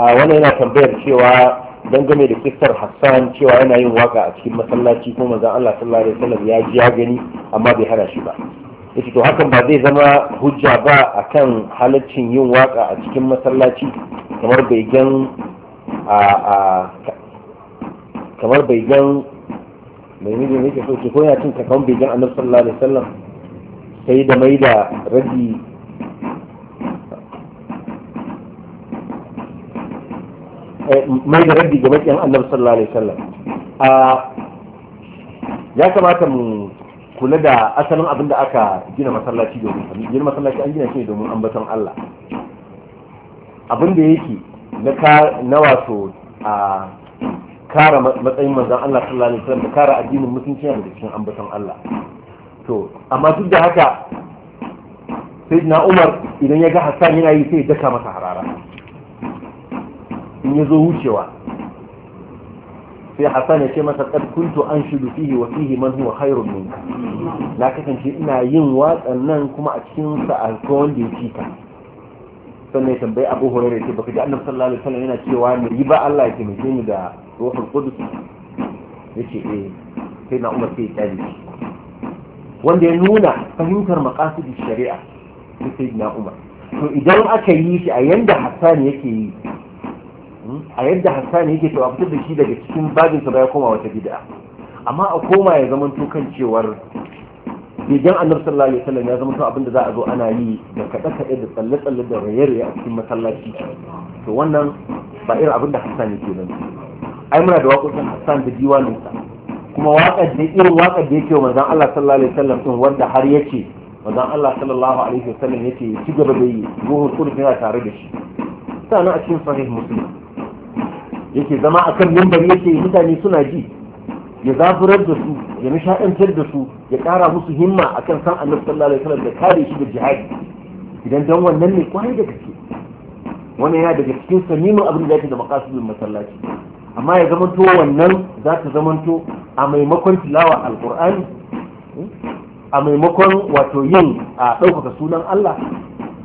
a wannan yana tambayar cewa dangane da kistar hassan cewa yana yin waka a cikin masallaci kuma manzon Allah sallallahu alaihi wasallam ya ji ya gani amma bai hana shi ba yace to hakan ba zai zama hujja ba akan halaccin yin waka a cikin masallaci kamar bai gan a a kamar bai gan mai ne ne ke so ko ya cin kakan bai gan annabi sallallahu alaihi wasallam sai da mai da radi mai da rabbi ga makiyan annabi sallallahu alaihi wasallam ya kamata mu kula da asalin abin da aka gina masallaci domin gina masallaci an gina shi domin ambaton Allah abin da yake na ka na wato a kara matsayin manzon Allah sallallahu alaihi wasallam da kara addinin musulunci da cikin ambaton Allah to amma duk da haka sai na Umar idan ya ga Hassan yana yi sai ya daka masa harara in yi zo wucewa sai Hassan ya ce masa kad kuntu an shudu fihi wa fihi man wa hairun ne na kasance ina yin watsan nan kuma a cikin sa'ar kowon wanda ya ci ta sannan ya tambayi abu horar ya ce baka ji annabi sallallahu alaihi wasallam yana cewa ne yi ba Allah ya taimake ni da ruhul ya ce eh sai na umar sai ya tsare wanda ya nuna fahimtar makasudin shari'a sai na umar to idan aka yi shi a yanda hassan yake yi a yadda hassan yake to a da shi daga cikin babinsa baya koma wata bid'a amma a koma ya zama to kan cewar bidan annabi sallallahu alaihi wasallam ya zama to abinda za a zo ana yi da kada kada da tsalle tsalle da rayar a cikin masallaci to wannan ba irin abinda hassan yake nan ai muna da waƙoƙin hassan da sa kuma waƙar da irin waƙar da yake wa manzon Allah sallallahu alaihi wasallam din wanda har yace manzon Allah sallallahu alaihi wasallam yake ci gaba da yi ruhu kullu yana tare da shi sannan a cikin sahih muslim yake zama a kan mimbar yake mutane suna ji ya zafirar da su ya nishaɗantar da su ya ƙara musu himma a kan san annabi sallallahu alaihi wasallam da kare shi da jihadi idan dan wannan ne kwai da kake wani yana daga cikin samimin abin da yake da maqasidul masallaci amma ya zamanto wannan za ta zamanto a maimakon tilawa alqur'ani a maimakon wato yin a ɗaukaka sunan Allah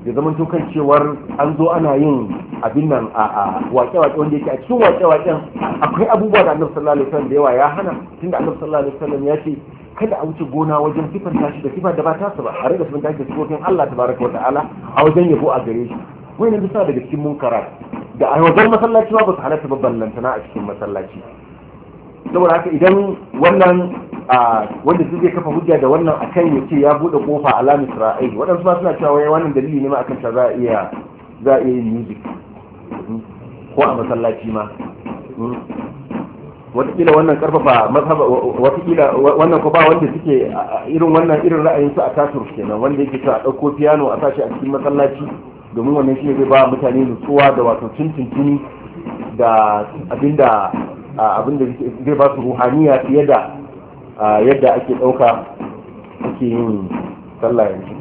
Da zaman tukar cewar an zo ana yin abin nan a wake-wake wanda yake a cikin wake-waken akwai abubuwa da annabi sallallahu da yawa ya hana tunda annabi sallallahu alaihi ya ce kada a wuce gona wajen sifar tashi da sifar da ba ta ba a rika sifanta shi da sifofin Allah tabaraka wa ta'ala a wajen yabo a gare shi wannan bisa daga cikin munkara da a wajen masallaci ba su halatta babban lantana a cikin masallaci saboda haka idan wannan a wanda su zai kafa hujja da wannan a ya ce ya bude kofa a lamis ra'ayi waɗansu ba suna cewa wai wannan dalili ne ma akan ta za a iya za a iya yin music ko a masallaci ma watakila wannan karfafa mazhaba watakila wannan ko ba wanda suke irin wannan irin ra'ayin su a tasir kenan wanda yake ta dauko piano a sashi a cikin masallaci domin wannan shi zai ba mutane nutsuwa da wato tuntuntuni da abinda abinda zai ba su ruhaniya fiye da a yadda ake ɗauka ake yin sallah yanzu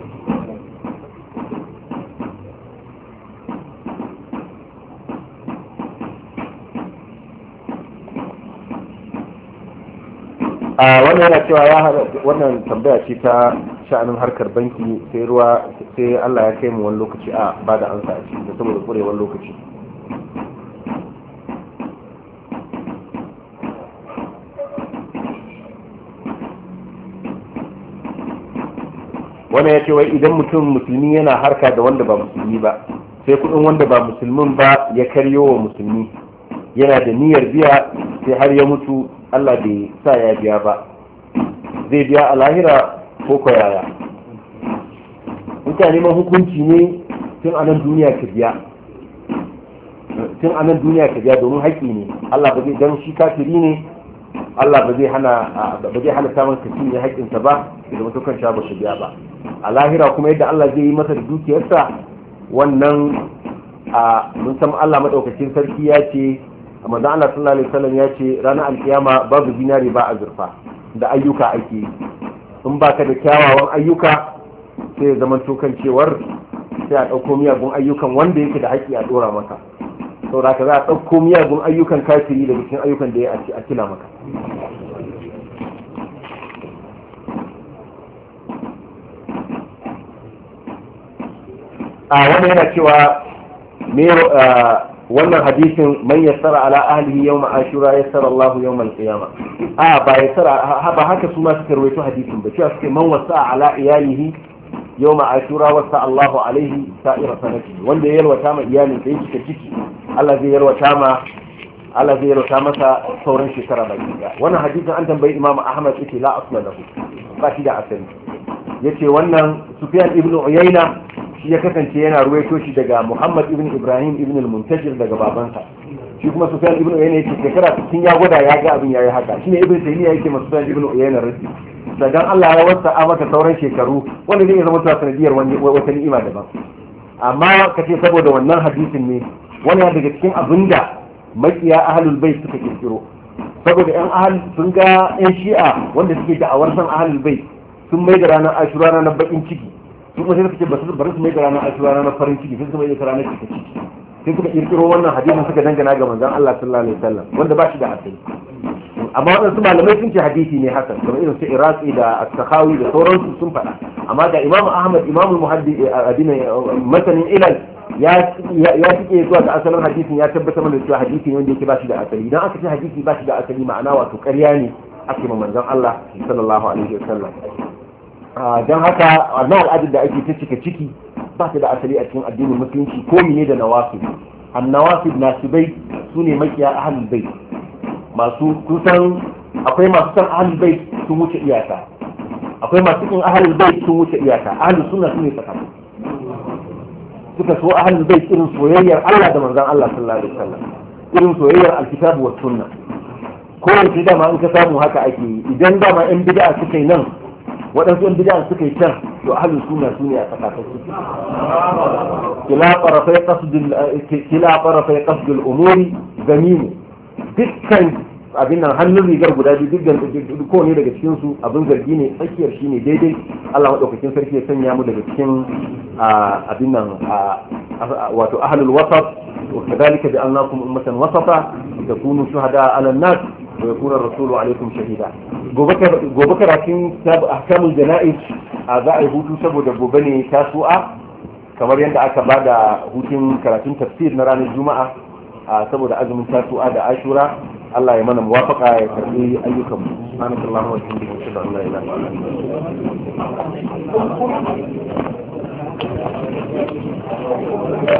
a wannan yana cewa ya wannan tambaya ce ta sha'anin harkar banki sai ruwa sai Allah ya kai mu wani lokaci a ba da ansa a ciki saboda kurewar lokaci wani ya ce wai idan mutum musulmi yana harka da wanda ba musulmi ba sai kudin wanda ba musulmin ba ya karyo wa musulmi yana da niyyar biya sai har ya mutu Allah bai sa ya biya ba zai biya a lahira ko kwayaya mutane ma hukunci ne tun anan duniya ka biya tun anan duniya ka biya domin haƙƙi ne Allah ba zai dan shi kafiri ne Allah ba zai hana ba zai hana samun ka cinye haƙƙinsa ba idan mutum kan ba su biya ba a lahira kuma yadda Allah zai yi masa da dukiyarsa wannan a mun san Allah madaukakin sarki ya ce manzo Allah sallallahu alaihi wasallam ya ce ranar alkiyama babu dinari ba azurfa da ayyuka ake in in baka da kyawawan ayyuka sai ya zama tukan sai a ɗauko miyagun ayyukan wanda yake da haƙƙi a ɗora maka saboda ka za a ɗauko miyagun ayyukan kafiri daga cikin ayyukan da ya a kila maka a wannan yana cewa wannan hadisin man yassara ala ahlihi yawma ashura yassara Allahu yawmal qiyama a ba yassara ba haka su ma suka rawaito hadisin ba cewa suke man wasa ala iyalihi yau ma ashura wasa Allahu alaihi sa'ira sanati wanda ya yalwata ma iyalin da cika ciki Allah zai yalwata ma Allah zai yalwata masa sauran shekara baki daya wannan hadisin an tambayi Imam Ahmad yace la asla lahu ba shi da asali yace wannan Sufyan ibn Uyayna shi ya kasance yana ruwaito shi daga Muhammad ibn Ibrahim ibn al-Muntajir daga babansa shi kuma Sufyan ibn Uyayna yace shekara 60 ya gwada ya ga abin yayi haka shine Ibn Taymiyyah yake masa Sufyan ibn Uyayna rasi daga Allah ya wasa maka sauran shekaru wanda zai zama cewa sanadiyar wata ni'ima daban amma ka ce saboda wannan hadisin ne wannan daga cikin da makiya ahlul bait suka kirkiro saboda yan ahal sun ga yan shi'a wanda suke da'awar san ahlul bait sun mai da ranar ashura na bakin ciki sun kuma sai suka ce ba su mai da ranar ashura na farin ciki sai suka mai da ranar ciki sai suka kirkiro wannan hadisin suka dangana ga manzon Allah sallallahu alaihi wasallam wanda ba shi da hadisi amma waɗansu malamai sun ce hadisi ne hasan kamar irin su iraki da da sauransu sun faɗa amma da imamu ahmad imamu muhaddi eh, abin eh, masanin ilal ya cike zuwa ga asalin hadisin ya tabbatar mana cewa hadisi ne wanda yake ba shi da asali idan aka ce hadisi ba shi da asali ma'ana wato ƙarya ne ake ma manzon Allah sallallahu alaihi wasallam dan haka wannan al'adar da ake ta cika ciki ba ta da asali a cikin addinin musulunci ko ne da nawafi an nasibai su ne makiya ahlul bait masu kusan akwai masu san ahalul bai sun wuce iyaka akwai masu kin ahalul bai sun wuce iyaka ahalul sunna yi tsakanin suka so ahalul bai irin soyayyar Allah da manzon Allah sallallahu alaihi wasallam irin soyayyar alkitabu wa sunna ko yanzu dama in ka samu haka ake yi idan dama yan bid'a suka yi nan waɗansu yan bid'a suka yi can to ahalul sunna yi a tsakanin su kila qarafai qasdul kila qarafai qasdul umuri gamimi dukkan abin nan hannun rigar guda biyu dukkan kowane daga cikin su abin zargi ne tsakiyar shi ne daidai Allah madaukakin sarki ya sanya mu daga cikin abin nan wato ahlul wasaf wa kadhalika ja'alnakum ummatan wasata litakunu shuhada 'ala an-nas wa yakuna ar-rasulu 'alaykum shahida gobe karatun ahkamul jana'is a za a yi hutu saboda gobe ne tasu'a kamar yadda aka bada hutun karatun tafsir na ranar juma'a saboda azumin tasu'a da ashura Allah ya mana muwafaka ya karbi ayyukan mu subhanallahi wa bihamdihi wa la